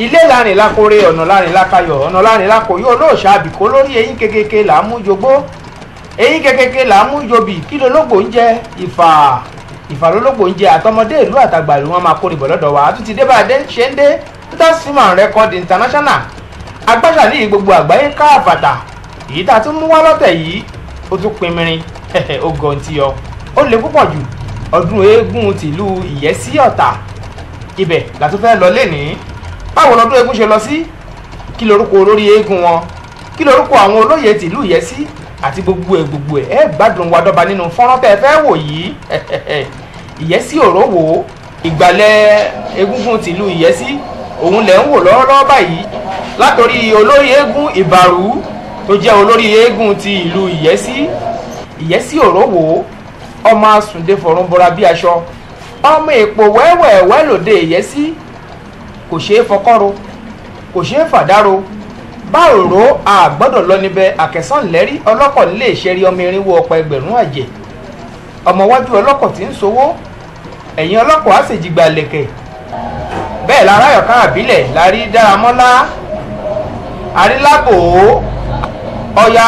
ilé lárin lákórè ọ̀nà lárin lákayọ̀ ọ̀nà lárin lákòyó olóòṣà àbìkó lórí eyín kekeke là ń mú jogbó eyín kekeke là ń mú jobì kí lológbò ń jẹ ìfà ìfà lológbò ń jẹ àtọmọdé ìlú àtàgbà ìlú wọn máa kórè bọ̀ lọ́dọ̀ wa àtúntì dé bá a dé ṣe ń dé peter simon record international agbáṣà ní gbogbo àgbáyé ká àbàtà èyí tá a tún mú wá lọ́tẹ̀ yìí ó tún pinmirin ó gan ti yọ ó le púpọ̀ jù ọdún eégún tìlú ìyẹ́sí ọ̀tà ibẹ̀ la lọ lénìí báwo lọ́dún eégún ṣe lọ sí kí lorúkọ olórí eégún wọn kí lorúkọ àwọn olóyè tìlú yẹ sí àti gbogbo ẹ gbogbo ẹ ẹ gbádùn wa dọ́ba nínú fọ́nrán tẹ́ ẹ fẹ́ wò yìí ìyẹ́sí òró wò ó ìgbàlẹ̀ egúngún tìlú ìyẹ́sí òun lẹ̀ ń wò lọ́wọ́lọ́wọ́ báyìí látòrí olórí eégún ìbàrú tó jẹ́ olórí eégún ti ìlú ìyẹ́sí ìyẹ́sí òró wò ó ọmọ asùndé fọ̀rùn bọra bí aṣọ ọmọ èpò wẹ́wẹ̀ẹ́wẹ́ lòde ìyẹ́sí kò ṣeé fọkọ́ro kò ṣeé fàdárò bá òró àgbọ́dọ̀ lọ níbẹ̀ àkẹ́sànlẹ́rí ọlọ́kọ̀ nílé ìṣẹ́rí ọmọ irinwó ọ̀pọ̀ ẹgbẹ̀rún àjẹ́ ọmọwájú ọlọ́kọ̀ tí ń sowó ẹ̀yìn ọlọ́kọ̀ á sì jìgbà lẹ̀kẹ̀ bẹ́ẹ̀ lára ayọ̀ká àbílẹ̀ la rí dáramọ́lá arílábò ọya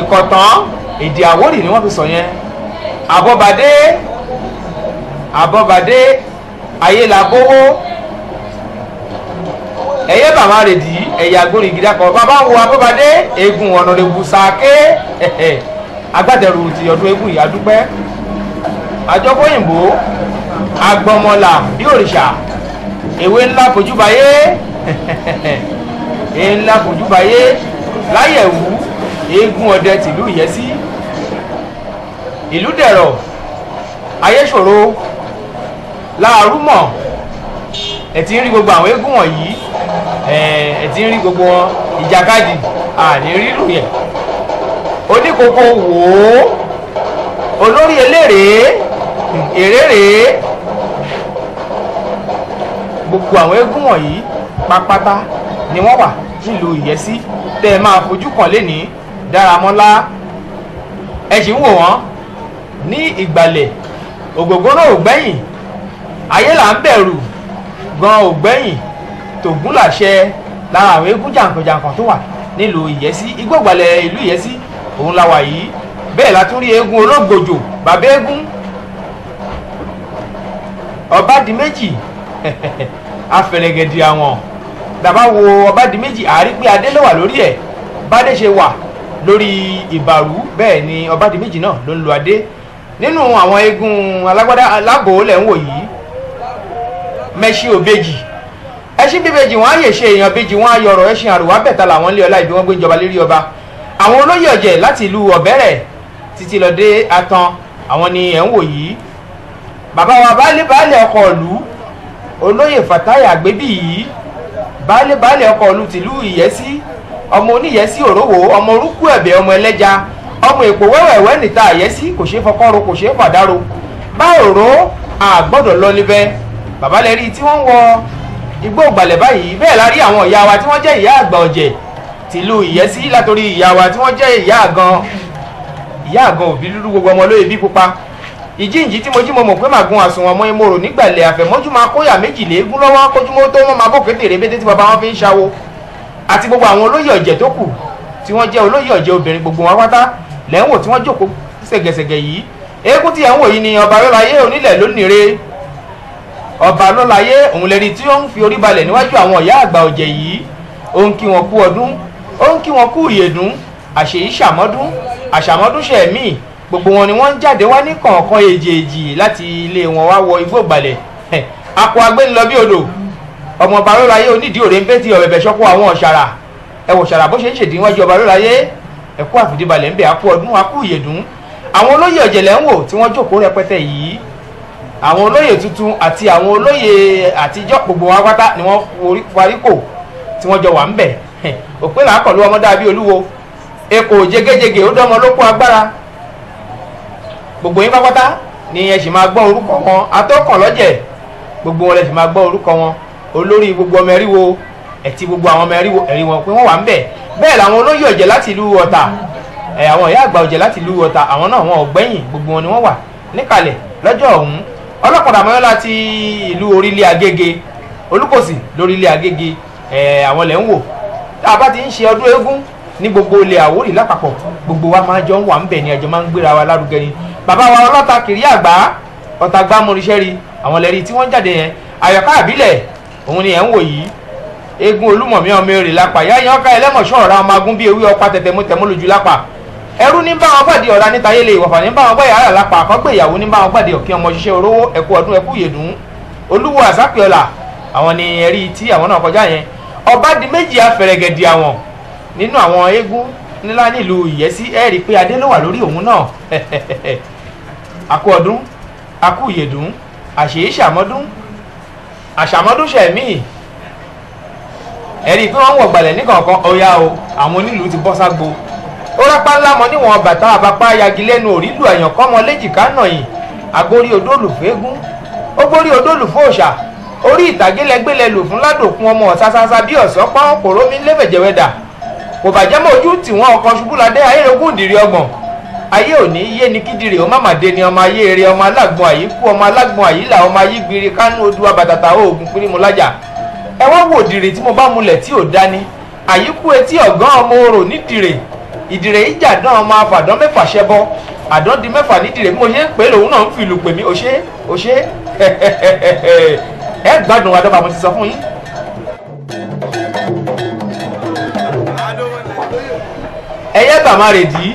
ìkọ̀tàn èdè àwórì ni wọ́n fi sọ yẹn àbọ̀bàdé àbọ̀bàdé ayélabówó ẹ̀yẹ́ bàbá rẹ̀ dì í ẹ̀yà agbórí gidi akọ bàbá wo abọ́badé eégún ọ̀nà lè wù sàké agbátẹrù ti ọdún eégún yìí adúpẹ́ àjọkóyìnbó agbọmọlà bí òrìṣà ewé ńlá fojúbayé ewé ńlá fojúbayé láyẹ̀wú eégún ọdẹ tìlú ìyẹ́sí ìlú dẹ̀rọ̀ ayéṣòro láàrúmọ̀ ẹ̀ ti ń rí gbogbo àwọn eégún wọ̀nyí ẹ ti ń rí gbogbo wọn ìjàkadì àní rírù yẹn oníkókó wò ó olórí elérèé èrèrèé gbogbo àwọn eégún wọ̀nyí pápátá ni wọ́n wà nílùú ìyẹ́sí tẹ́ ẹ máa fojú kàn lẹ́ni dáramọ́lá ẹ sì ń wò wọ́n ní ìgbàlẹ̀ ògògó náà ò gbẹ́yìn ayé là ń bẹ̀rù gan ò tògúnlàṣẹ lára àwọn eégún jàǹkànjàǹkàn tó wà nílùú ìyẹ́sí igbóògbàlẹ̀ ìlú ìyẹ́sí òun la wà yìí bẹ́ẹ̀ la tún rí eégún olóògbòjò bàbá eégún ọbádìméjì afẹ̀rẹ̀gẹ̀dì àwọn bàbá wo ọbádìméjì àárí pé adé ló wà lórí ẹ̀ bádé ṣe wà lórí ìbàrú bẹ́ẹ̀ ni ọbádìméjì náà ló ń lo adé nínú àwọn eégún alágbádá alágbòólẹ̀ ń wò yìí mẹ́ṣí òbejì ẹṣin bíbejì wọn á yè ṣe èèyàn bíjì wọn á yọrọ ẹṣin àrùwá bẹ̀ta làwọn lé ọlá ìbí wọn gbé ìjọba lérí ọba àwọn olóyè ọ̀jẹ̀ láti ìlú ọ̀bẹ́rẹ̀ títí lọ dé atan àwọn ni ẹ̀ ń wò yìí bàbá wa baálé baálé ọkọ̀ ìlú olóyè Fatai Àgbébí yìí baálé baálé ọkọ̀ ìlú tìlú Ìyẹ́sí ọmọ oníyẹ́sí òróró ọmọ orúkú ẹ̀bẹ̀ ọmọ ẹlẹ́ja ọmọ èpò wẹ́wẹ̀wẹ́ níta Ìyẹ́sí kò ṣeé fọkọ́ro kò ṣeé fàdárò bá òró àgbọ́dọ̀ lọ níbẹ̀ bàbá lẹ́rí tí wọ́n wọ igbó ògbàlẹ̀ báyìí bẹ́ẹ̀ la rí àwọn ìyá wa tí wọ́n jẹ́ ìyá àgbà ọ̀jẹ̀ tìlú ìyẹ́sí látòrí ìyá wa tí wọ́n jẹ́ ìyá àgan ìyá àgan òbí dúdú gbogbo ọmọ lóye bí pupa ìjíǹjí tí mo jí mo mọ̀ pé màá gun àsùnwọ̀n mọ́ imoro nígbàlẹ̀ àfẹ̀mọ́jú máa kóyà méjìlélógún lọ́wọ́ kójúmọ́ tó wọ́n máa bòkè tèrè bété tí bàbá wọn fi ń ṣawo àti gbogbo àwọn olóyè ọ̀jẹ̀ tó kù tí wọ́n jẹ́ olóyè ọ̀jẹ̀ obìnrin gbogbo wọn pátá lẹ́wọ̀n tí wọ́n jókòó ṣègẹ̀ṣègẹ̀ yìí eégún tí ẹ̀ ń wò yìí ni ọba rẹ́láyé onílẹ̀ lónìí re ọba lọ́láyé òun lẹni tí ó ń fi orí balẹ̀ níwájú àwọn ọ̀yá àgbà ọ̀jẹ̀ yìí ó ń kí wọn kú ọdún ó ń kí wọn kú ìyèdún àṣèyí ṣàmọ́dún àṣàmọ́dún ṣẹ̀mí gbogbo wọn ni wọ́n ń jáde wá ní kọ̀ọ̀kan èjèèjì láti ilé wọn wá wọ igbó ìgbàlẹ̀ akọ agbẹ́ni lọ bí odò ọmọ ọba lọ́láyé onídìí òrè ń bẹ́tì ọ̀bẹ̀bẹ̀ ṣọ́kọ àwọn ọ̀ṣàrà ẹ wò ṣàrà bó ṣe ń ṣèdí wájú ọba lọ́láyé ẹ kú àfìdíbalẹ̀ ń bẹ̀ akú ọdún akú ìyèdún àwọn olóyè ọ̀jẹ̀lẹ̀ ń wò tí wọ́n jókòó rẹpẹtẹ yìí àwọn olóyè tuntun àti àwọn olóyè àtijọ́ gbogbo wa ni wọ́n forí paríkò tí wọ́n jọ wà ń bẹ̀ òpin làákọ̀lù ọmọ dàbí olúwo ekò jégéjégé ó dánmọ ló kó agbára gbogbo yín pápátá ni ẹ sì máa gbọ́ orúkọ wọn atọ́kàn lọ́jẹ̀ gbogbo wọn lẹ sì máa gbọ́ orúkọ wọn olórí gbogbo ọmọ ẹ̀rí wo ẹ̀tí gbogbo àwọn ọmọ ẹ̀rí wo ẹ̀rí wọn pé wọ́n wà ń bẹ̀ bẹ́ẹ̀ làwọn olóyè ọ̀jẹ̀ láti ìlú ọ̀tà àwọn ìyá àgbà ọ̀jẹ̀ láti ìlú ọ̀tà àwọn náà wọn ò gbẹ́yìn gbogbo wọn ni wọ́n wà níkàlẹ̀ lọ́jọ́ ọ̀hún ọlọ́pàá mọ́ láti ìlú orílẹ̀ agége olùkòsì lórílẹ̀ agége àwọn lẹ́ ń wò tá a bá ti ń ṣe ọdún eégún ní gbogbo ilẹ̀ Àwórì lápapọ̀ gbogbo wa máa jọ ń wà ń bẹ̀ ni ẹjọ́ máa ń gbéra wa lárugẹ ni bàbá wa ọlọ́ta kiri àgbà ọ̀tà gbámúriṣẹ́ rí àwọn lẹ́rí tí wọ́n jáde yẹn àyọ̀ká àbílẹ̀ òun ni ẹ̀ ń wò yìí eégún olúmọ̀mí ọmọ èrè lápá yáyan ọkà ẹlẹ́mọ̀ṣọ́ ọ̀ra ọmọ agún bíi ewé ọpa ẹrú ní bá wọn gbàdí ọ̀la níta yẹlẹ ìwọ̀fà ní bá wọn gbàdí ara lápá àkọ́gbé ìyàwó ní bá wọn gbàdí ọ̀kí ọmọ ṣiṣẹ́ orówó ẹ̀kú ọdún ẹ̀kú yèdùn olúwo àsápìọ̀là àwọn ni ẹ̀rí tí àwọn náà kọjá yẹn ọba di méjì afẹ̀rẹ̀gẹ̀dì àwọn nínú àwọn eégún ńlá nílùú ìyẹ́sí ẹ̀ rí pé adé ló wà lórí òun náà àkú ọdún àkú yèdùn àṣèyíṣàmọ́dún àṣàmọ́dún ṣẹ̀mí ẹ̀rí pé wọ́n wọ̀ gbalẹ̀ rápá lámọ níwọ̀n bàtà àbápá yagilẹ́nu òrílù àyàn kọ́mọ léjìká nàyìn àgbórí odólùfẹ́gún ó gbórí odólùfẹ́ òòṣà orí ìtàgé lẹgbẹ́lẹ lò fún ládòkun ọmọ ọ̀sásásá bí ọ̀sán pọ́n kòró mi lẹ́fẹ̀jẹ̀wẹ̀dà kò bàjẹ́ mọ́ ojú tì wọ́n ọkọ̀ ṣubúladé ayérogún ìdìrí ọgbọ̀n ayé òní yé ni kídìrì ọmọ màdé ni ọmọ ayé eré ọmọ alágbọn àyíkú ọmọ alágbọn àyílà ọmọ ayígbiri kánú odua bàtàtà oògùn pírímọlájà ẹ wá wò dìrì tí mo bá mulẹ̀ tí ò dání àyíkú etí ọ̀gán ọmọ orò nídìrè ìdìrẹ ìjà náà máa fàdán mẹ́fà ṣẹbọ àdán di mẹ́fà nídìrẹ bí mo ṣe ń pè lòun náà ń fi ìlù pè mí òṣè òṣè ẹ gbádùn adọ́ba mo ti sọ fún yín. ẹyẹ bàmá rè dì í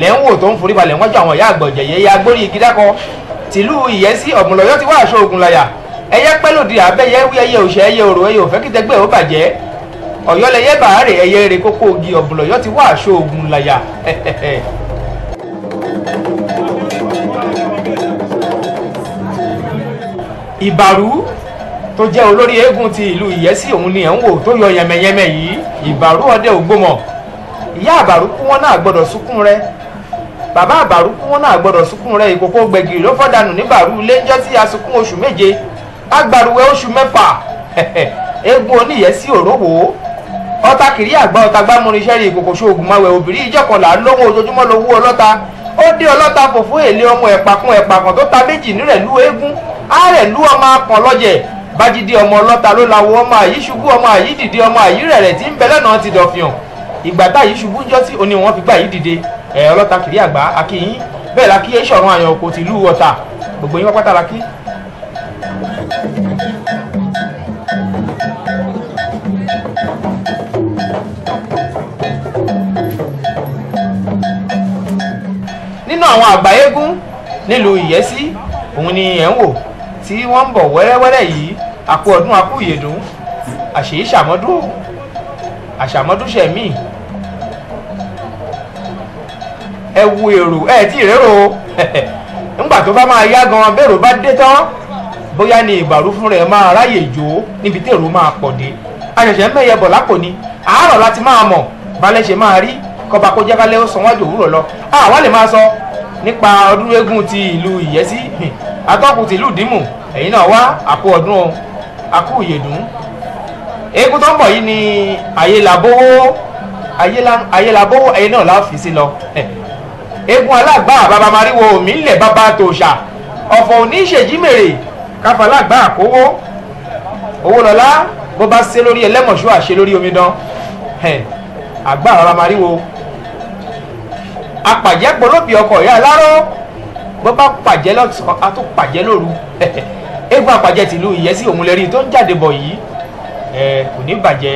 lẹ́ ń wò tó ń forí balẹ̀ wájú àwọn ìyá àgbọ̀jẹ̀ yẹ ya gbórí igi dákọ tìlú ìyẹ́sí ọ̀gbùnlọ́yọ́ ti wá aṣọ ògùn láyà ẹyẹ pẹ́lòdì àbẹ́yẹ wí ẹyẹ òṣè ẹyẹ òrò ẹyẹ òfẹ́ kìtẹ́gbẹ́ ó bàjẹ́ ọ̀yọ́lẹ̀yẹ́ bàárẹ̀ ẹyẹ rẹ̀ kókó ogi ọ̀bùlọ̀yọ́ ti wá aṣọ ogun làyà. ìbàrú tó jẹ́ olórí eégún ti ìlú ìyẹ́sí òun ni ẹ̀ ń wò tó yọ yẹmẹyẹmẹ yìí ìbàrú ọdẹ ògbómọ̀ ìyá àbàrú kú wọn náà gbọ́dọ̀ sunkún rẹ bàbá àbàrú kú wọn náà gbọ́dọ̀ sunkún rẹ ìkòkò gbẹ̀gìrì ló fọ́dànù níbàrú ilé ń jọ́ tí a sunkún oṣù méje agbàrúwẹ̀ oṣù mẹ́fà eégún oníyẹ̀sí òróòwò ọta kìrí àgbà ọta gbámúrinṣẹ́ rí ìkòkò ṣoògùn máa wẹ̀ obìnrin ìjọkànlá lówó ojoojúmọ́ lówó ọlọ́ta ó dé ọlọ́ta fòfó èlé ọmọ ẹ̀pàkún ẹ̀pàkàn tó ta méjì nírẹ̀ lú eégún á rẹ̀ lú ọmọ akàn lọ́jẹ̀ bájídé ọmọ ọlọ́ta ló la wo ọmọ àyí ṣubú ọmọ àyí dìde ọmọ àyí rẹ̀rẹ̀ tí ń bẹ lọ́nà ti dọ̀fihàn ìgbà tá àyí ṣubú jọ́ sí oní wọn fi gbà yí dìde ẹ̀ ọlọ́ta kìrí àgbà akíyín bẹ́ẹ̀ la kí ẹ̀ ṣọ̀run àyàn òkò tìlú ọ̀tà gbogbo yín pátá la kí. àwọn àgbà eégún nílùú ìyẹ́sí òun ni ẹ̀ ń wò tí wọ́n ń bọ̀ wẹ́rẹ́wẹ́rẹ́ yìí àpò ọdún akú ìyèdùn àṣèyí ṣàmọ́dú àṣàmọ́dúṣẹ̀mí ẹ wo èrò ẹ tí ìrérò ńgbà tó bá máa yá gan bẹ́ẹ̀rù bá dé tán bóyá ni ìbàrú fún rẹ̀ máa ráyè jó níbi tèrò máa pọ̀ dé àṣẹ̀ṣẹ̀ mẹ́yẹ bọ̀ lápò ni àárọ̀ láti máa mọ̀ balẹ̀ ṣe máa rí kọba kó jẹ́kálẹ́ ó sanwó àjò òwúrọ̀ lọ àwa lè máa sọ nípa ọdún eégún ti ìlú ìyẹ́sí atọ́kùn tìlú dìmù ẹ̀yin náà wá àkó ọdún o àkó ìyèdùn eégún tó ń bọ̀ yìí ni àyèlàbówó àyèlàbówó ẹ̀yin náà láfi sí lọ eégún alágbá bàbá mariwo mi ń lẹ̀ bàbá tòṣà ọ̀fọ̀ òní ìṣèjímèrè káfà alágbá àkówó owó lọ́lá bó bá ṣe lórí ẹlẹ́mọ̀ṣọ́ àṣe lórí omidan àgbà bàbá mariwo apàjẹ́ polóbi ọkọ̀ ìyá aláró bó bá pàjẹ́ lọ́sàn á tún pàjẹ́ lóru égbà pàjẹ́ tìlú ìyẹ́sí òun lẹ́rìí tó ń jáde bọ̀ yìí kò ní bàjẹ́.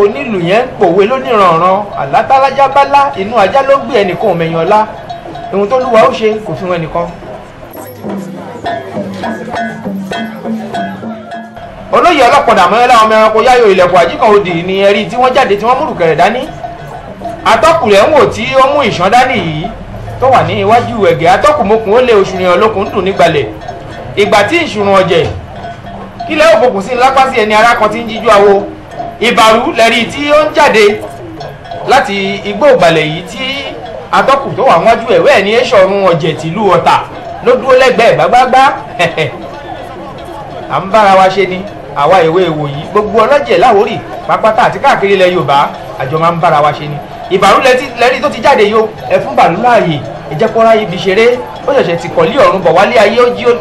onílù yẹn ń pòwe lóníranran àlátálájá bá lá inú ajá ló gbé ẹnìkan òmẹyàn ọlá ohun tó lúwa ó ṣe kò fi wọn ẹnìkan. olóyè ọlọ́pọ̀dà mọ́lá ọmọ ẹranko yáyò ilẹ̀kùn àjíkàn odì ni ẹ̀rí tí wọ́n jáde tí wọ́n múrù kẹ̀rẹ̀ dání atọ́kùnrin ń wò tí ó mú ìṣàn dání yìí tó wà ní iwájú ẹ̀gẹ́ atọ́kùnmókun ó lé òṣùnìyàn olókun dùn nígbàlẹ̀ ìgbà tí ìṣùnrùn ọ̀jẹ̀ kílẹ̀ òbòkùn sí lápá sí ẹni ará kan tí ń jíjú awo ìbàrú lẹ́rí tí ó ń jáde láti igbó ìgbàlẹ̀ yìí tí atọ́kùn tó wà wájú ẹ̀ wẹ́ẹ̀ ní ẹ̀ṣọ̀run ọ̀jẹ̀ tìlú ọ̀tà ló dúró lẹ́gbẹ̀ẹ́ gbágbágbá à ń bára wa ṣe ni àwa ìwé ìwò yìí gbogbo ọlọ́jẹ̀ láwórì pápátá àti káàkiri ilẹ̀ yorùbá àjọ máa ń bára wa ṣe ni ìbàrú lẹ́rí tó ti jáde yó ẹ fún bàrú láàyè ẹ jẹ́ kó ráyè ibi ṣeré ó ṣẹ̀ṣẹ̀ ti kọ̀lí ọ̀run bọ̀ wálé ayé ó jí ó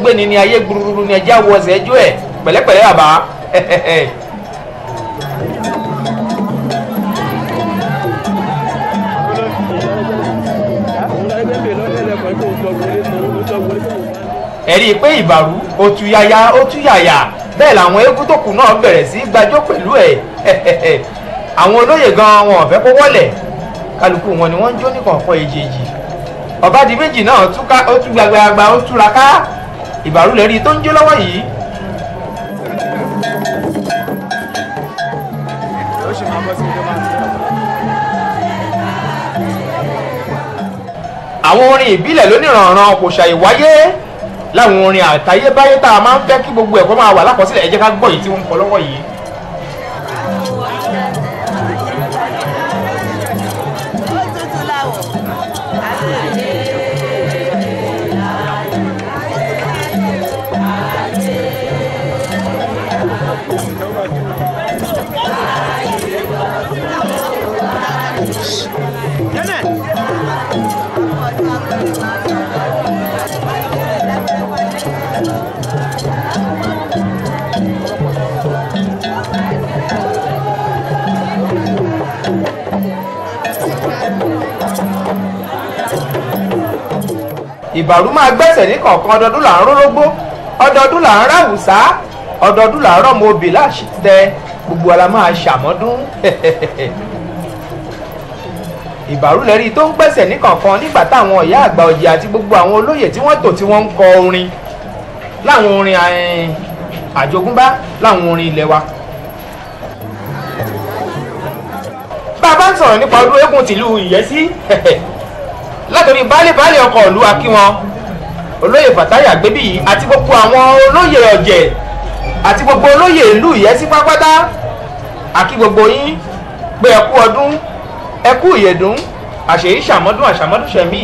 gbé ni ni ayé gbúrúrú ni ẹjẹ́ àwọ̀ ọ̀sẹ̀ ẹjọ́ ẹ̀ pẹ̀lẹ́pẹ̀lẹ́ bàbá ẹ̀rí pé ìbàrú ó tú yáyá ó tú yàyà bẹ́ẹ̀ làwọn eégún tó kù náà bẹ̀rẹ̀ sí gbàjọ́ pẹ̀lú ẹ̀ àwọn olóyè gan wọn ò fẹ́ kó wọlẹ̀ kálukú wọn ni wọ́n ń jó ní kọ̀ọ̀kan èjèèjì ọba di méjì náà ó tú gbàgbàgbà ó túra ká ìbàrúlẹ̀ rí i tó ń jó lọ́wọ́ yìí. àwọn orin ìbílẹ̀ lóníranran kò ṣàì wáyé láwọn orin àtayébáyé tá a máa ń fẹ́ kí gbogbo ẹ̀kọ́ máa wà lákọsílẹ̀ ẹ jẹ́ ká gbọ́ yìí tí wọ́n ń kọ lọ́wọ́ yìí. ìbàrú máa gbẹ̀sẹ̀ ní kọ̀ọ̀kan ọdọọdún là ń rórógbó ọdọọdún là ń ráwùsá ọdọọdún là ń rọmọ obì láṣìṣẹ́ gbogbo wa la máa ṣàmọ́dún ìbàrú lẹ́rí tó ń gbẹ̀sẹ̀ ní kọ̀ọ̀kan nígbà táwọn ìyá àgbà ọ̀jẹ̀ àti gbogbo àwọn olóyè tí wọ́n tò tí wọ́n ń kọ orin láwọn orin eh, àjogúnbá láwọn orin ilẹ̀ wa bá a bá ń sọ̀rọ̀ nípa ọdún eégún tìlú ìyẹ́sí látòrí baálé baálé ọkọ̀ ìlú akíwọn olóyè fàtáyà àgbébí àti gbogbo àwọn olóyè ọ̀jẹ̀ àti gbogbo olóyè ìlú ìyẹ́sí pápátá àkí gbogbo yín pé ẹ kú ọdún ẹ kú ìyẹ̀dún àṣèyí ṣàmọ́dún àṣàmọ́dún ṣẹ̀mí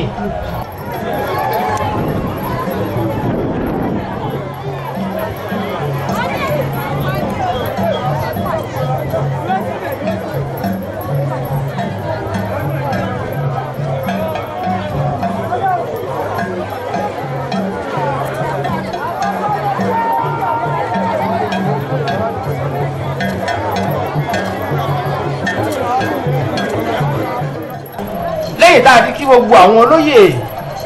gbogbo àwọn olóyè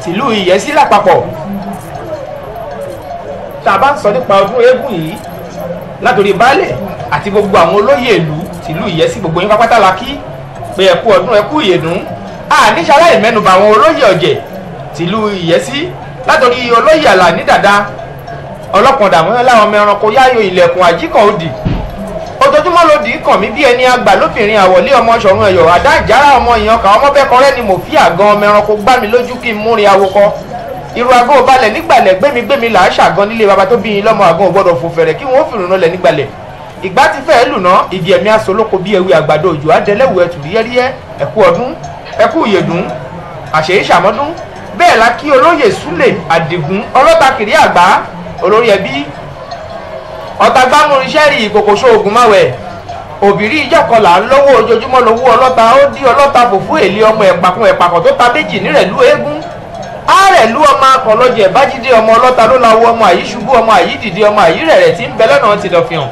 tìlú ìyẹ́sí lápapọ̀ tá a bá ń sọ nípa ọdún eégún yìí látòrí baálẹ̀ àti gbogbo àwọn olóyè ìlú tìlú ìyẹ́sí gbogbo yín pápátá la kí pé ẹ kú ọdún ẹ kú ìyèdún àníṣe aláìmẹ́nubà àwọn olóyè ọ̀jẹ̀ tìlú ìyẹ́sí látòrí olóyè àlà ní dàda ọlọ́kàn dàmúyán láwọn ọmọ ẹranko yáyò ilẹ̀kùn àjíkàn òdì ojoojúmọ́ ló dì í kàn mí bí ẹni àgbà lóbìnrin àwọ̀lé ọmọ ṣọ̀run ẹ̀yọ̀ àdá ìjárá ọmọ ìyànká ọmọ bẹ́kọrẹ́ ni mò fi àgan ọmọ ẹranko gbá mi lójú kí n múrin awokọ irú agbó balẹ̀ nígbàlẹ̀ gbémi gbémi là á ṣàgan nílé baba tó bí yín lọ́mọ àgan ò gbọ́dọ̀ fò fẹ̀rẹ̀ kí wọ́n fìrùn lẹ̀ nígbàlẹ̀ ìgbà ti fẹ́ẹ́ lùnà ìdí ẹ̀mí asolóko bí ewé àgbàdo òjò adẹlẹ́wù ẹ̀tù ríẹ́ríẹ́ ẹ̀kú ọdún ẹ̀kú ìyèdún àṣeyí ṣàmọ́dún bẹ́ẹ̀ la kí olóyè súlè àdìgún ọlọ́ba kiri àgbá olórí ẹbí ọ̀tá gbámúrin sẹ́rì ìkòkò sóògùn máwẹ̀ òbírí ìjọkọlà lọ́wọ́ ojoojúmọ́ lọ́wọ́ ọlọ́ta ó dí ọlọ́ta fòfú èlé ọmọ ẹ̀pàkùn ẹ̀pàkọ̀ tó ta méjì nírẹ̀lú eégún ààrẹ̀lú ọmọ akọ̀lọ́jẹ̀ ẹ̀bájídé ọmọ ọlọ́ta ló lawọ ọmọ àyíṣubú ọmọ àyídìde ọmọ àyírẹ̀rẹ̀ tí ń bẹ lọ́nà ti dọ̀fihàn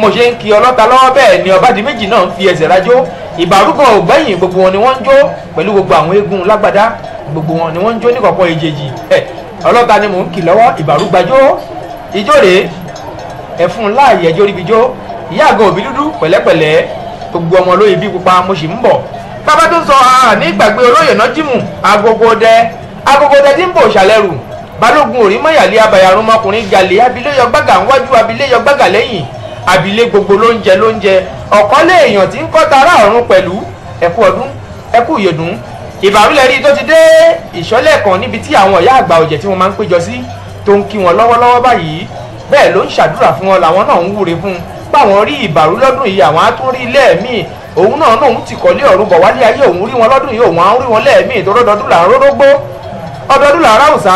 mo ṣe ń kí ọlọ́ta lọ́wọ́ bẹ́ẹ̀ ni ọbàdí méjì náà ń fi ẹsẹ̀ rájó ìbárúkọ ògbẹ́yìn gbogbo wọn ni wọ́n ń jó pẹ̀lú gbogbo àwọn eégún lágbádá gbogbo wọn ni wọ́n ń jó níkọ̀kọ̀ ìjèjì ọlọ́ta ni mò ń kì lọ́wọ́ ìbárúgbàjó ìjó ẹ̀fún láàyè ẹjọ́ ríbi jó ìyá àgọ́ òbí dúdú pẹ̀lẹ́pẹ̀lẹ́ gbogbo ọmọ olóyè bíi pupa mo sì ń bọ̀ bàbá tó sọ ní ìgbàgbé olóyè náà jìmù agogo dẹ agogo dẹ tí ń bò ṣàlẹ́rù balógun òrí mọ́yàlé abayarun ọmọkùnrin gàlẹ́ abiléyọ gbàgà ńwájú abiléyọ gbàgà lẹ́yìn abilé gbogbo lóúnjẹ lóúnjẹ ọ̀kan lé èèyàn tí ń kọ́ tara ọ̀run pẹ̀lú ẹ̀kú ọdún ẹ̀kú ìyèdùn ìbàrúlẹ̀ rí tó ti dé ìṣọ́lẹ̀ kan níbi tí àwọn ọ̀yá àgbà ọ̀jẹ̀ tí wọ́n máa ń péjọ sí tó ń kí wọn lọ́wọ́lọ́wọ́ báyìí bẹ́ẹ̀ ló ń ṣàdúrà fún wọn làwọn náà ń wúre fún un báwọn rí ìbàrú lọ́dún yìí àwọn á tún rí lẹ́ẹ̀míì òun náà lòun ti kọ́lé ọ̀run bọ̀ wálé ayé òun rí wọn lọ́dún yìí òun á rí wọn lẹ́ẹ̀míì tó rọ́dọọdún là ń ọdọọdún là ń ráwùsá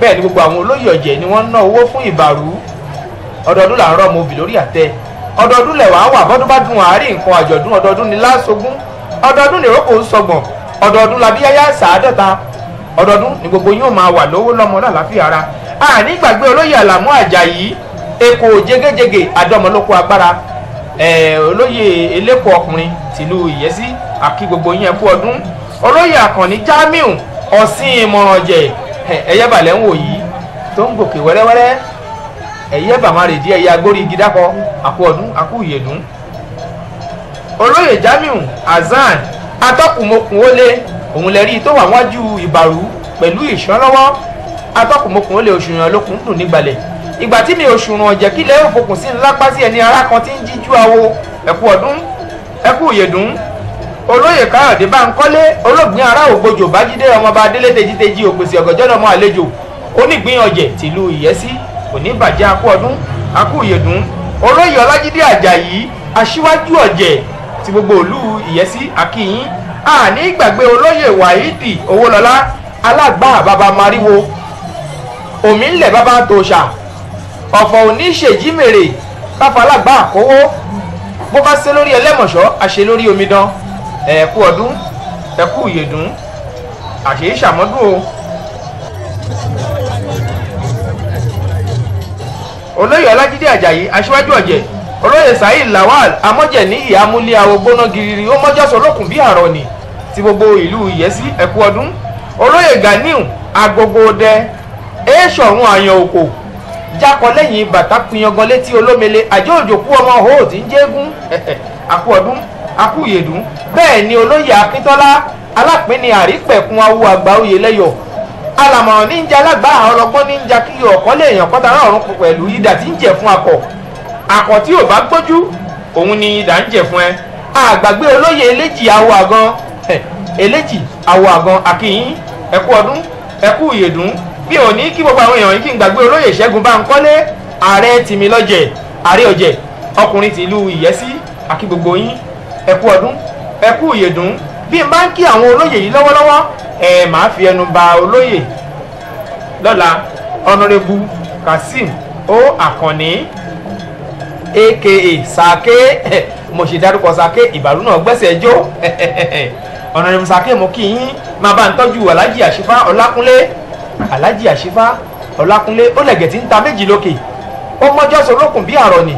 bẹ́ẹ̀ ni gbogbo àwọn olóyè ọ̀jẹ̀ ni wọ́n àní gbàgbé olóyè àlàmú àjàyí èkó jégéjégé àdọ́mọlókun agbára olóyè elékòó ọkùnrin tìlú ìyẹ́sí àkí gbogbo yín kú ọdún olóyè àkànní jamiu ọ̀sìn ìmọ̀rànjẹ ẹ̀yẹ́ bàlẹ̀ ń wò yìí tó ń gòkè wẹ́rẹ́wẹ́rẹ́ ẹ̀yẹ́ bàmá rè díẹ̀ ya gbórí igi dákọ àkú ọdún àkú ìyẹ̀dún olóyè jamiu hasan atọ́kùnmọ́kùn ó lé òun lẹ́rí tó wà wájú ìbàrú pẹ̀lú ìṣọ́lọ́wọ́ atọ́kùnmokùn ó lè òṣùwọ̀n lókun dùn nígbàlẹ̀ ìgbà tí mi òṣùwọ̀n ọ̀jẹ̀ kílẹ̀ yóò fokùn sí ńlápá sí ẹni ará kan tí ń jíjú awo ẹ̀kú ọdún ẹ̀kú òyèdún olóyè káyọ̀dé bá ń kọ́lé olóògbé ará ògbójò bájídé ọmọọba adélétejìtejì òpèsè ọ̀gọ̀jọ́ lọ́mọ àlejò onígbín ọ̀jẹ̀ tìlú ìyẹ́sí òní bàjẹ́ akú ọdún akú òyèdún olóyè ọlájídé àjàyí aṣíwájú ọ̀jẹ̀ ti gbogbo òlú ìyẹ́sí akíyín àní ìgbàgbé olóyè wàhídì owólọlá alágbá bàbá mariwo òmí ńlẹ̀ bàbá tòṣà ọ̀fọ̀ òní ṣèjì mèrè káfàlágbà àkówó bó bá ṣe lórí ẹlẹ́mọ̀ṣọ́ àṣe lórí omidan ẹ̀ẹ́kú ọdún ẹ̀kú ìyèdún àṣèyí ṣàmọ́dún o. olóyè ọlájídé àjàyí aṣíwájú ọ̀jẹ̀ olóyè sahil lawal amọ́jẹ̀ ní ìhàmúlé awo gbóná giriri ó mọ́jọ́sọ lókun bí àrọ̀ ni ti gbogbo ìlú ìyẹ́sí ẹ̀kú ọdún olóyè ganiu agogo dẹ èèṣọ ọ̀run àyàn òkò jákọ lẹ́yìn bàtà pinyangan létí olómele àjọ òjòkú ọmọ hóò tí ń jégún àkú ọdún àkú ìyèdún bẹ́ẹ̀ ni olóyè akíntọ́lá alápínni àrípẹ̀kun awo àgbà oyè lẹ́yọ̀ alàmọ̀ràn níjà alágbá àwọn ọlọ́gbọ́n níjà kí ọ̀kọ́ lè yàn kọ́tara ọ̀run pẹ̀lú idà tí ń jẹ̀ fún akọ̀ akọ̀ tí ò bá gbójú òun ni idà ń jẹ̀ fún ẹ àgbàgbé olóyè eléjì awo àgan eléjì awo àgan àkìyín ẹkú ọdún ẹkú ìyèdún mi ò ní kí gbogbo àwọn èèyàn yìí kí n gbàgbé olóyè ṣẹ́gun báńkọ́lé ààrẹ tìmí lọ́jẹ̀ ààrẹ ọ̀jẹ̀ ọkùnrin tìlú ìyẹ́sí àkí gbogbo yín ẹ kú ọdún ẹ kú ìyèdún bí n bá ń kí àwọn olóyè yìí lọ́wọ́lọ́wọ́ ẹ máa fi ẹnu ba olóyè lọ́la ọ̀nàrẹ́bù kazeem o àkànní aka sake mo ṣe dárúkọ sake ìbàlú náà gbẹ́sẹ̀ jó ọ̀nàrẹ́bù sake mo kí yín máa bá ń tọ́jú aláàjì àṣìfá ọlákúnlé alhaji àṣìfá ọlákúnlé ó lẹ̀gẹ̀ tí ń ta méjì lókè ó mọ́jọ́ sorókùn bí àrọ̀ ni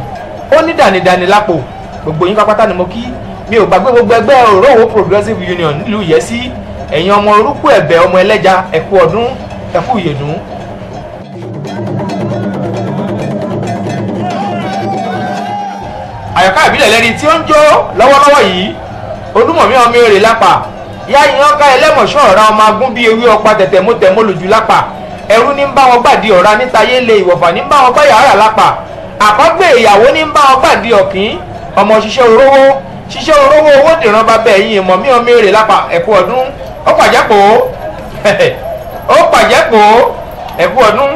ó ní dànìdànì lápò gbogbo yín pápátá ni mo kí mi ò gbàgbé gbogbo ẹgbẹ́ òróòwò progressive union nílùú yẹsí ẹ̀yin ọmọ orúkú ẹ̀bẹ̀ ọmọ ẹlẹ́ja ẹ̀kú ọdún ẹ̀kú ìyèdú àyọ̀ká ìbílẹ̀ lẹ́ni tí ó ń jó lọ́wọ́lọ́wọ́ yìí olúmọ̀mí ọmọ eré lápá ìyá ìyanká ẹlẹ́mọ̀ṣọ́ ọ̀ra ọmọ agún bíi ewé ọ̀pá tẹ̀tẹ̀ mú tẹ̀mọ́ lójú lápá ẹ̀rú ní bá wọn gbàdí ọ̀ra níta yé lé ìwọ̀fà ní bá wọn gbàyà ara lápá àkọ́gbé ìyàwó ní bá wọn gbàdí ọ̀kín ọmọ ṣiṣẹ́ orówó ṣiṣẹ́ orówó owó dìran bá bẹ̀ yín ìmọ̀ mí ọmọ èrè lápá ẹ̀kú ọdún ó pàjẹ́pò ó pàjẹ́pò ẹ̀kú ọdún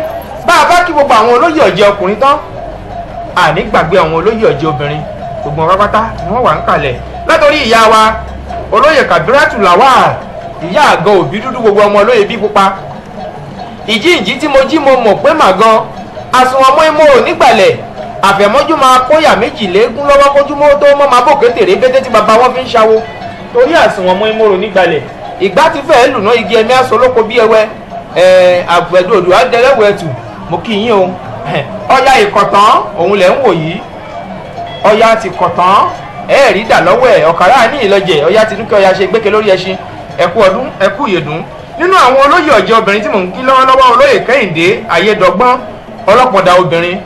bá a bá kí gbogbo àwọn olóyè ọ̀jẹ̀ ọkùnrin tán àní gbàgbé àwọn olóyè ọ̀jẹ̀ obìnrin gbogbo wọn pátá ni wọ́n wà ń kalẹ̀ látọ̀rí ìyá wa olóyè kabiratu lawal ìyá àgọ́ òbí dúdú gbogbo ọmọ olóyè bí pupa ìjíǹjí tí mo jí mo mọ̀ pé mà gan àsùnwọ̀n mọ́ imú ò nígbàlẹ̀ àfẹ̀mọ́jú máa kóyà méjìlélógún lọ́wọ́ kójúmọ́ tó mọ́ máa bòkè tèrè bété tí bàbá wọn fi ń ṣawo torí àsùnwọ̀n mọ́ imú ò nígbàlẹ̀ ìgbà tí fẹ́ẹ́ lùnà igi ẹ̀mí asolóko bí ẹwẹ́ àgbẹ̀dòdò adẹ́rẹ́wẹ̀tù mo kì í yín o ọya ìkọ̀tán òun lẹ̀ ń wò yìí ọya ti kọ̀tán ẹ rí dà lọ́wọ́ ẹ̀ ọ̀kàrà ní ìlọjẹ ọ̀yá tinúkẹ́ ọ̀yá ṣe gbẹ́kẹ̀ lórí ẹṣin ẹ̀kú ọdún ẹ̀kú ìyèdún nínú àwọn olóyè ọ̀jẹ̀ obìnrin tí mò ń kí lọ́wọ́lọ́wọ́ olóyè kẹ́hìndé ayédọ́gbọ́n ọlọ́pọ̀dà obìnrin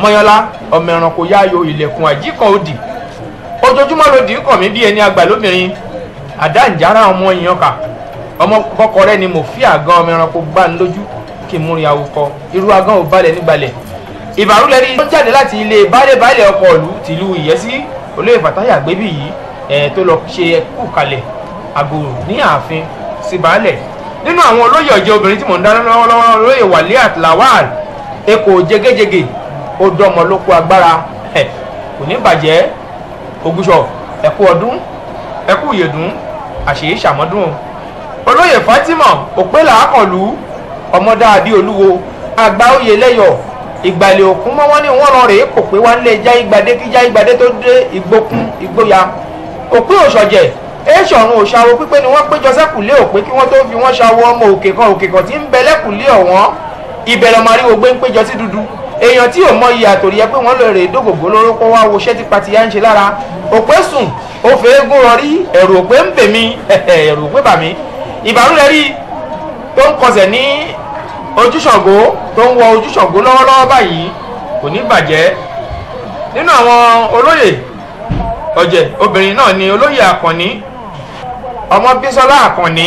mọ́yánlá ọmọ ẹranko yáyò ilẹ̀kùn àjíkọ̀ òdì ojoojúmọ́ ló dì í mí bí ẹni àgbà lóbìnrin àdáǹjára ọmọ ìyànkà ọmọ kọkọrẹ́ ni mo fi àgán ọmọ ẹranko gbá ń lójú kí n múrin awokọ irú àgán ò balẹ̀ nígbalẹ̀ ìbàrúlẹ̀ ni ó jáde láti ilé baálé baálé ọkọ̀ ìlú tìlú ìyẹ́sí olóyè Fatai Àgbébí yìí ẹ̀ tó lọ ṣe kú kalẹ̀ àgòrò ní ààfin sí baálẹ̀ nínú àwọn olóyè ọ̀jẹ̀ obìnrin tí mò ń dáná lọ́wọ́lọ́wọ́ olóyè Waliat Lawal èkó jégéjégé ó dọ́mọ ló kó agbára ẹ̀ kò ní bàjẹ́ ògùṣọ̀ ẹ̀kú ọdún ẹ̀kú ìyèdún àṣèyí ṣàmọ́dún olóyè Fatima òpè làákànlú ọmọdáadé olúwo àgbà oyè lẹ́yọ̀ọ́ ìgbàlẹ̀ òkun mọ́ wọ́n ní wọ́n lọ rèé kò pé wọ́n lé já ìgbàdé kí já ìgbàdé tó dé ìgbókun ìgbóya òpin òṣọ̀jẹ̀ èṣù ọ̀run òṣàwò pípé ni wọ́n péjọ sẹ́kùlé òpin kí wọ́n tó fi wọ́n ṣàwọ ọmọ òkè kan òkè kan tí ń bẹ lẹ́kùlé ọ̀wọ́n ìbẹ̀rẹ̀ màrí ògbé ń péjọ sí dúdú èèyàn tí ò mọ iye àtòrí ẹ pé wọ́n lè rèé dógògó lóró wá wo ṣẹ́ tí patiya ń ṣe lára òpé sùn ó fẹ́ rọrí ẹ̀rù òpé ń bè mí ẹ̀rù òpé ìbàrú rẹ rí tó ń kọsẹ̀ ní ojúṣàngó tó ń wọ ojúṣàngó lọ́wọ́lọ́wọ́ báyìí kò ní bàjẹ́ nínú àwọn olóyè ọ̀jẹ̀ obìnrin náà ni olóyè àkànní ọmọ bísọ́lá àkànní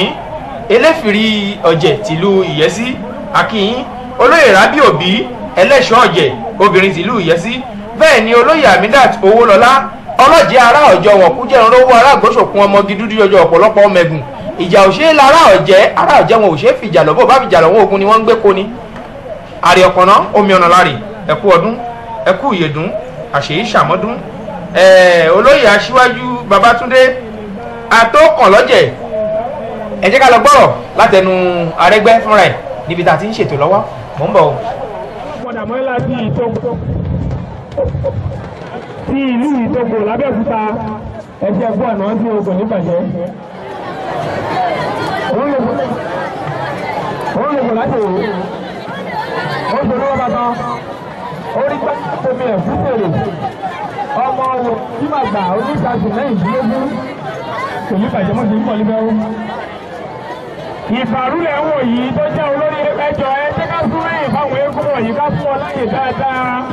eléfìrí ọ̀jẹ̀ tìlú ìyẹ́sí akínyìn olóyè rábí òbí ẹlẹ́ṣọ́ ọ̀jẹ̀ obìnrin tìlú ìyẹ́sí bẹ́ẹ̀ ni olóyè amidat owólọlá ọlọ́jẹ̀ ará ọ̀jọ̀ wọ̀kú jẹ́ ìrànlọ́wọ́ ará àgbóṣòkun ọmọgi dúdú ọjọ́ ọ̀pọ̀lọpọ̀ mẹ́gùn ìjà ò ṣe é lára ọ̀jẹ́ ara ọ̀jẹ́ wọn ò ṣe é fìjà lọ bó bá fìjà lọ wọn ogun ni wọ́n ń gbé koni àrè ọ̀pọ̀nà omi ọ̀nà láre ẹ̀kú ọdún ẹ̀kú ìyèdún àṣèyí ṣàmọ́dún olóyè aṣíwájú babatunde atókànlọ́jẹ̀ ẹ jẹ́ ká lọ gbọ́rọ̀ látẹnu arẹ́gbẹ́ fúnra ẹ̀ níbi tá a ti ń ṣètò lọ́wọ́ mò ń bọ̀ o. mọ̀dàmọ́ láti ìtòkò òun ń wò yìí tó jẹ́ olórí ẹjọ́ ẹ jẹ́ ká fún ẹ̀yìn fáwọn eégún wọ̀nyí ká fún ọ láyè dáadáa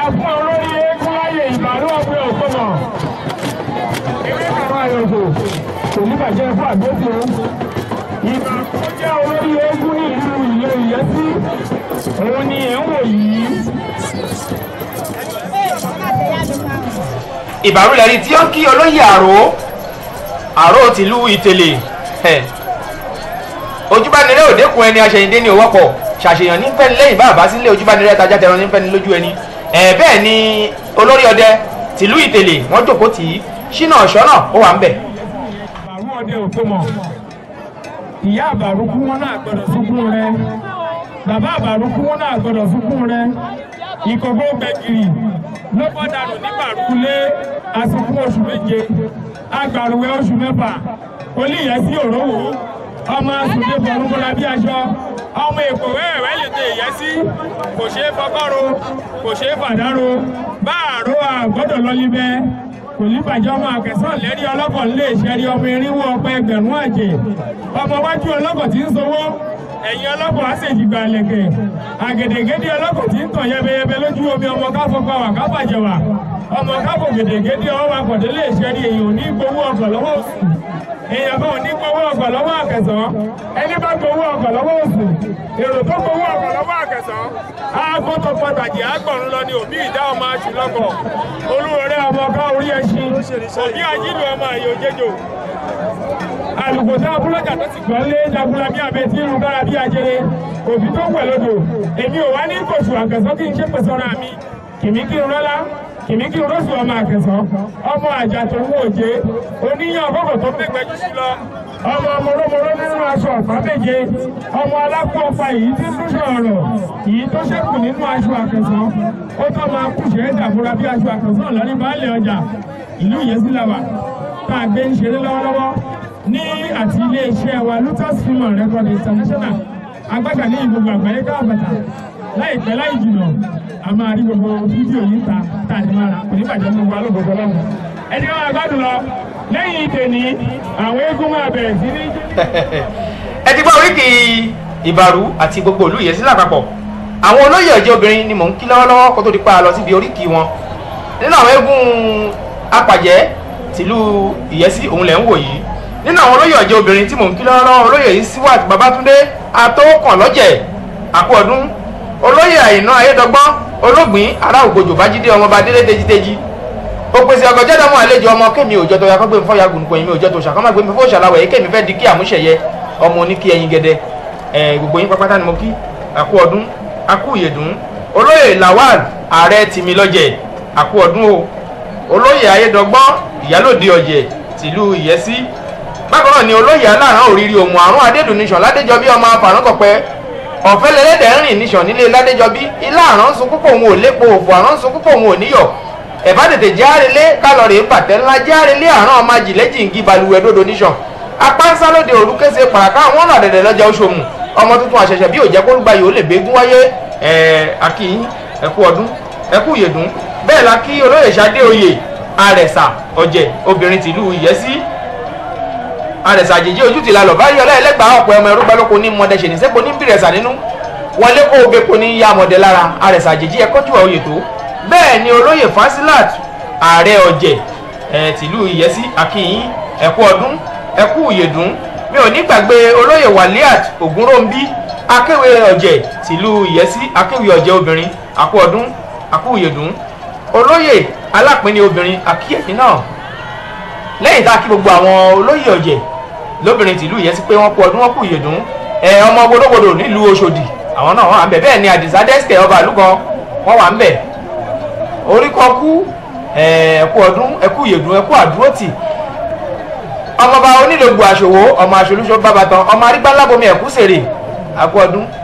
ẹ olórí eégún láyè ìbàrú ọ̀pẹ òkú ewé kàrọ̀ àyọ̀kọ̀ kò ní bàjẹ́ fún àgbẹ̀bí o ìgbà tó jẹ́ olórí eégún ní ìlú ìlú ìyẹ́sí òun ni ẹ̀ ń wò yìí. ìbàrúlẹ̀ rí tí ó ń kí olóyè àró àró tìlú ìtẹ̀lẹ̀ ojúbánirẹ́ òdekun ẹni aṣèyìndé ni òwọ́pọ̀ ṣàṣeyàn ní fẹ́ni lẹ́yìn bá àbá sílé ojúbánirẹ́ tajà tẹran ní fẹ́ni lójú ẹni ẹ̀ bẹ́ẹ̀ ni olórí ọdẹ tìlú ìtẹ̀lẹ̀ wọ́n jókòó tì í ṣínà ọ̀ṣọ́ náà ó wà ń bẹ̀ ní òkú mọ̀ ìyá àbàrúkú wọn náà gbọ́dọ̀ sunkún rẹ bàbá àbàrúkú wọn náà gbọ́dọ̀ sunkún rẹ ìkókó gbẹ̀gìrì ló bọ́ dànù nígbàrúkulé asunkún oṣù méje agbàrúwẹ̀ oṣù mẹ́fà olùyẹsí òróró ọmọ asùnjẹ bọ̀rúkọlá bí aṣọ ọmọ èkó wẹ́ẹ̀wẹ́ lè tẹ ìyẹsí kò ṣeé fọkọ́ro kò ṣeé fàdárò báàrò àgbọ́dọ̀ lọ́líbẹ́. kùlíbàjẹ́ ọmọ àkẹ́sàn lẹ́rí ọlọ́kọ̀ lè ṣẹ́rí ọmọ irinwó ọpẹ ẹgbẹ̀rún àjè ọmọ wájú ọlọ́kọ̀ tí ń sowó ẹ̀yìn ọlọ́kọ̀ á sì jìgbà lẹ̀kẹ̀ àgèdègédé ọlọ́kọ̀ tí ń tàn yẹbẹyẹbẹ lójú omi ọmọ káfàjẹwà ọmọ káfọ́ ọwọ́ ṣẹ́rí ní gbowó ọkọ̀ èèyàn kan ò ní gbowó ọkọ̀ lọ́wọ́ àkẹsàn ẹni bá gbowó ọkọ̀ lọ́wọ́ òsì èrò tó gbowó ọkọ̀ lọ́wọ́ àkẹsàn aago tó pàtàkì àgbọ̀rún lọ ni òbí ìdá ọmọ aṣù lọ́kọ̀ olúwẹ̀rẹ̀ ọmọ ọkọ orí ẹṣin òbí ajílù ọmọ àyè òjèjò àlùkò tá a búlọ́jà tó ti gbọ́n lé jagunla bí abẹ tí irun bára bí ajere òbí tó wẹ̀ lódò èmi ò wá ní kòṣù àkẹsàn kí n ṣe pèsè ọ̀rọ̀ àmì kìmí kí n kìmíkì olóṣù ọmọ àkẹsàn ọmọ àjà tó ń wòye oníyàn àkókò tó gbẹgbẹjú sí lọ ọmọ mọlọmọlọ nínú aṣọ ọ̀pá méje ọmọ alákó ọfà yìí tí dúdú ọ̀rọ̀ yìí tó ṣẹ́kù nínú aṣọ àkẹsàn ó tó máa kùṣẹ́ dàbúra bí aṣọ àkẹsàn lọ́ní baálé ọjà ìlú ìyẹ́sílàwà tá a gbé ń ṣeré lọ́wọ́lọ́wọ́ ní àti ilé iṣẹ́ wa Lutus Human Record International agbáṣà ní ìgbogbo àgbáyé káàbàtà láìpẹ́ láì jùlọ a máa rí gbogbo fídíò yìí ta tá a ti máa rà kò ní bàjẹ́ gbogbo alóògbòdò lọ́wọ́ ẹni wọn àgbàdo lọ lẹ́yìn ìtẹ̀ní àwọn eégún máa bẹ̀rẹ̀ sí ní. ẹ ti gbọ́ oríkì ìbàrú àti gbogbo ìlú Ìyẹ̀sí lápapọ̀ àwọn olóyè ọ̀jẹ̀ obìnrin ni mò ń kí lọ́wọ́lọ́wọ́ kó tó di pa lọ síbi oríkì wọn nínú àwọn eégún apàjẹ́ tìlú Ìyẹ̀sí òun lẹ̀ ń wò yìí nínú àwọn olóyè ọ̀jẹ̀ obìnrin tí mò ń kí lọ́wọ́lọ́wọ́ olóyè yìí síwájú Babátúndé Atókànlọ́jẹ̀ àkú ọdún olóyè àyìnà ayédọgbọ́n olóògbín ará ògbójò bájídé ọmọọba délé dejiteji òpèsè ọgọjẹdọmọ àlejò ọmọ kémi òjọ tó yakọ gbẹmí fọyà gùnkọ yìí mi òjọ tó ṣàkọmọ gbẹmí fọ ṣàlàwẹ yìí kémi fẹ di kí àmúṣẹyẹ ọmọ oníkí ẹyin gẹdẹ ẹ gbogbo yín pápátá ni mo kí àkú ọdún àkú ìyèdún olóyè lawal ààrẹ tìmílọjẹ àkú ọdún o olóyè ayédọgbọ́n ìyálòdì ọjẹ tìlú ìyẹsí bákan náà ni olóyè aláàrán òrìrì òmù àrùn adédùnníṣàn ládéjọbí ọmọ afàrán ọ̀fẹ́ lẹ́lẹ́dẹ̀ ń rìn níṣàn nílé ládéjọbí ilá àránsun púpọ̀ òun ò lépo òfò àránsun púpọ̀ òun ò níyọ̀ ẹ̀bá tètè jáàrelé kálọ̀rì ń bàtẹ́ ńlá jáàrelé àrán ọmọ jìlẹ́jì ń gi balùwẹ̀ dodo níṣàn apánsá lóde òru kése pàràkà àwọn ọ̀nà dẹ̀dẹ̀ lọ́jà oṣòmù ọmọ tuntun àṣẹ̀ṣẹ̀ bí òjẹ́ kórúgba yìí ó lè gbégún wáyé akíyín ẹkú ọdún ẹkú ìyèdún bẹ́ẹ̀ la kí olóyè Ṣadé Oyè Àrẹ̀sà ọ̀jẹ̀ obìnrin tìlú Ìyẹ́sí àrẹ̀sà àjèjì ojútì la lọ báyọ̀ lẹ́ẹ̀lẹ́gbàá ọ̀pọ̀ ẹ̀mọ ẹ̀rú gbálùkù ní mọ̀dẹ ṣèlú sẹ́kọ̀ ní bìrẹ̀sà nínú wọn lé kó obe kò ní yá mọ̀dẹ lára àrẹ̀sà àjèjì ẹ̀kọ́ tí wọ́n oyè tó bẹ́ẹ̀ ni olóyè Fasilat ààrẹ ọ̀jẹ̀ ẹ̀ tìlú Ìyẹ́sí akínyìn ẹ̀kú ọdún ẹ̀kú ìyèdún mi ò ní gbàgbé olóyè Waliat Ògúnròǹbí akéwì ọ̀jẹ̀ tìlú Ìyẹ́sí akéwì ọ̀jẹ̀ obìnrin àkú ọdún àkú ìyèdún olóyè alápínní obìnrin akíyẹ̀fín náà lẹ́yìn tá a kí gbogbo àwọn olóyè ọ̀jẹ̀ lóbìnrin tìlú yẹn sí pé wọ́n kú ọdún wọ́n kú ìyèdún ẹ ọmọ gbódògbodò nílùú Ọ̀ṣọ́dì àwọn náà wọ́n wà ń bẹ̀ bẹ́ẹ̀ ni àdìsá dẹ́sítẹ̀ ọba àlùkọ wọ́n wà ń bẹ̀ orí kan kú ẹkú ọdún ẹkú ìyèdún ẹkú àdúrótì ọmọọba onílògbò àṣòwò ọmọ àṣolúṣọ bàbàtàn ọmọ arígbálábomi ẹkú sèrè àkú ọdún